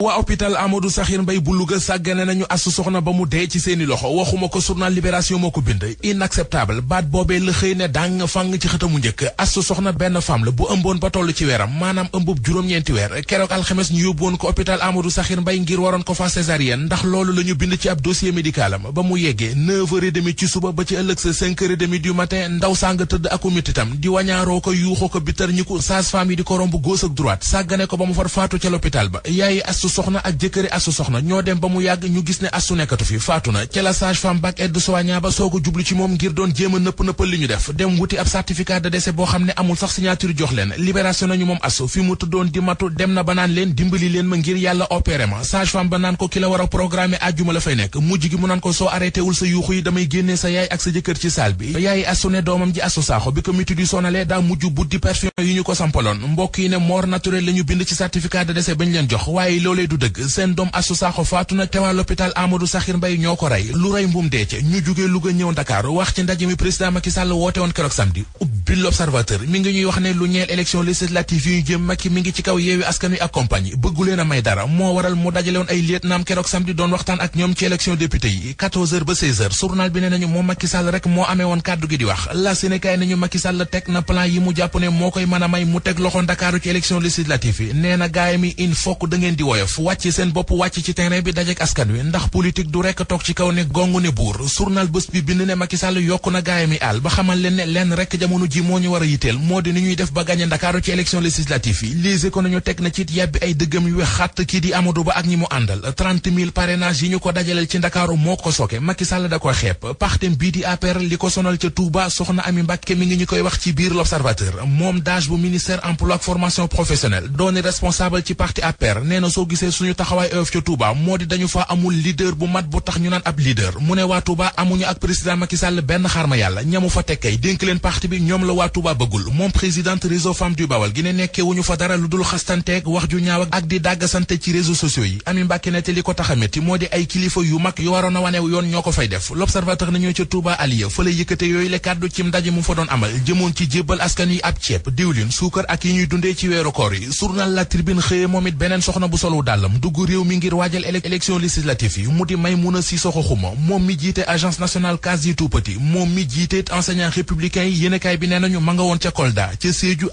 waa hôpital Amadou Sakhir Mbaye bu Louga sàggane nañu asu soxna ba mu dee ci seeni loxo waxuma ko journal Libération moo ko bind inacceptable baat boobee la xëy ne dàng fàng ci xëtamu njëkk asu soxna benn femme la bu ëmboon ba toll ci weeram maanaam ëmbub juróom-ñeenti weer keroog alxames ñu yóbbu woon ko hôpital Amadou Sakhir Mbaye ngir waroon ko fa césarienne ndax loolu la ñu bind ci ab dossier médical am ba mu yeggee 9 h ci suba ba ci ëllëg sa 5h30 du matin ndaw sànga tëdd aku mititam di wañaaroo ko yuuxoo ko bitar ñi ko sage-femme yi di ko romb gauche ak droite sàggane ko ba mu far faatu ca l'hôpital ba su soxna ak jëkkëri asu soxna ñoo dem ba mu yàgg ñu gis ne asu nekkatu fi faatu na ca la sage femme bak aide soignant ba soog a jublu ci moom ngir doon jéem a nëpp nëppal li ñu def dem wuti ab certificat de décès boo xam ne amul sax signature jox leen libération nañu moom asu fi mu tuddoon di matu dem na ba naan leen dimbali leen ma ngir yàlla opéré ma sage femme ba naan ko ki la war a programmer àjjuma la fay nekk mujj gi mu naan ko soo arrêté wul yi damay génnee sa yaay ak sa loolee du dëgg seen doom Astou faatu na te waa l'hôpital Amadou Sakhir ñoo ko rey lu rey mbum deece ñu jugee Louga ñëw Dakar wax ci ndaje mi président Macky Sall woote woon keroog samedi ubbi l'observateur mi ngi ñuy wax ne lu ñeel élection législative yu jëm Macky mi ngi ci kaw yeewi askan ak compagnie bëggu may dara moo waral mu dajale woon ay lieutenant keroog samedi doon waxtaan ak ñoom ci élection député yi ba 16h journal bi ne Pastef wàcc seen bopp wàcc ci terrain bi dajek askan wi ndax politique du rekk toog ci kaw ne gongu ne buur journal bés bi bind ne Macky Sall yokku na gaayam yi àll ba xamal leen ne lenn rekk jamono ji moo ñu war a yiteel moo di ni ñuy def ba gàñe Ndakaaru ci élection législative yi lise ko nañu teg na ciit yàbbi ay dëggam yu xàtt kii di Amadou Ba ak ñi mu àndal 30 yi ñu ko dajaleel ci Ndakaaru moo ko soke Macky da ko xeeb partem bii di APR li ko sonal ca Touba koy wax ci biir l'Observateur moom daje bu ministère emploi ak formation professionnelle doon responsable ci parti APR nee na gisee suñu taxawaay oyof ca Touba moo di dañu fa amul leader bu mat bu tax ñu naan ab leader mu ne waa Touba amuñu ak président Macky Sall benn ma yàlla ñamu fa tekkay dénk leen parti bi ñoom la waa Touba bëggul moom présidente réseau Femme du Bawal gi ne nekkee wuñu fa dara lu dul xastanteeg wax ju ñaaw ak di dàggasante ci réseaux sociaux yi Ami Mbàkke ne te li ko tax a métti moo di ay kilifa yu mag yu waroon a yoon ñoo ko fay def l'observateur nañu ca Touba Aliya fa la yëkkate yooyu le kàddu ci ndaje mu fa doon amal jëmoon ci jébbal askan yi ab ceeb diwlin suukar ak yi ñuy dundee ci weeru koor yi journal La Tribune xëye moom it bu solu dàllam dugg réew mi ngir waajal élection législative yi mu di Maïmouna Sissoko Khouma moom mi jiite agence nationale case yi tout moom mi jiite enseignant républicain yi bi nee nañu ma nga woon ca Kolda ca Sédhiou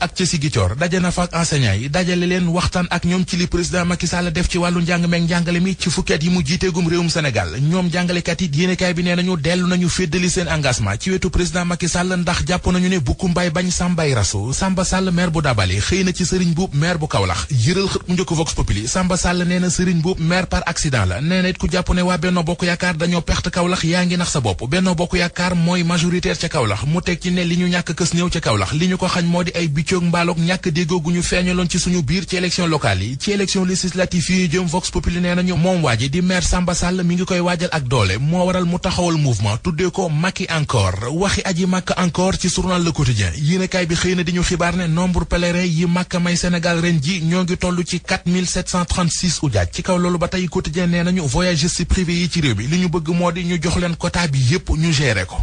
ak ñoom ci li président Macky Sall def ci wàllu njàng meeg njàngale mi ci fukki at yi mu jiiteegum réewum Sénégal ñoom jàngalekat yi yéenekaay bi nee nañu dellu nañu féddali seen engagement ci wetu président Macky Sall ndax jàpp nañu ne bukku mbay bañ sàmbay rasu Samba Sall maire bu Dabali xëy na ci Serigne Boub maire bu Kaolack yëral xët mu njëkk Vox Populi Sall nee na Serigne maire par accident la nee na ku jàpp ne waa Benno Bokk Yaakaar dañoo perte Kaolack yaa ngi nax sa bopp Benno Bokk Yaakaar mooy majoritaire ca Kaolack mu teg ci ne li ñu ñàkk kës néew ca Kaolack li ñu ko xañ moo di ay biccoog mbaaloog ñàkk déggoo gu ñu feeñaloon ci suñu biir ci élection locale yi ci élection législative yi jëm Vox Populi nee nañu moom waa ji di maire Samba Sall mi ngi koy waajal ak doole moo waral mu taxawal ko Macky encore waxi aji Makka ci journal Le Quotidien yéenekaay bi xëy na di ñu xibaar ne nombre pèlerin yi Makka may Sénégal ren ji ñoo six ujaaj ci kaw loolu ba tey quotidien nee nañu voyagistes privés yi ci réew bi li ñu bëgg moo di ñu jox leen quota bi yépp ñu gérer ko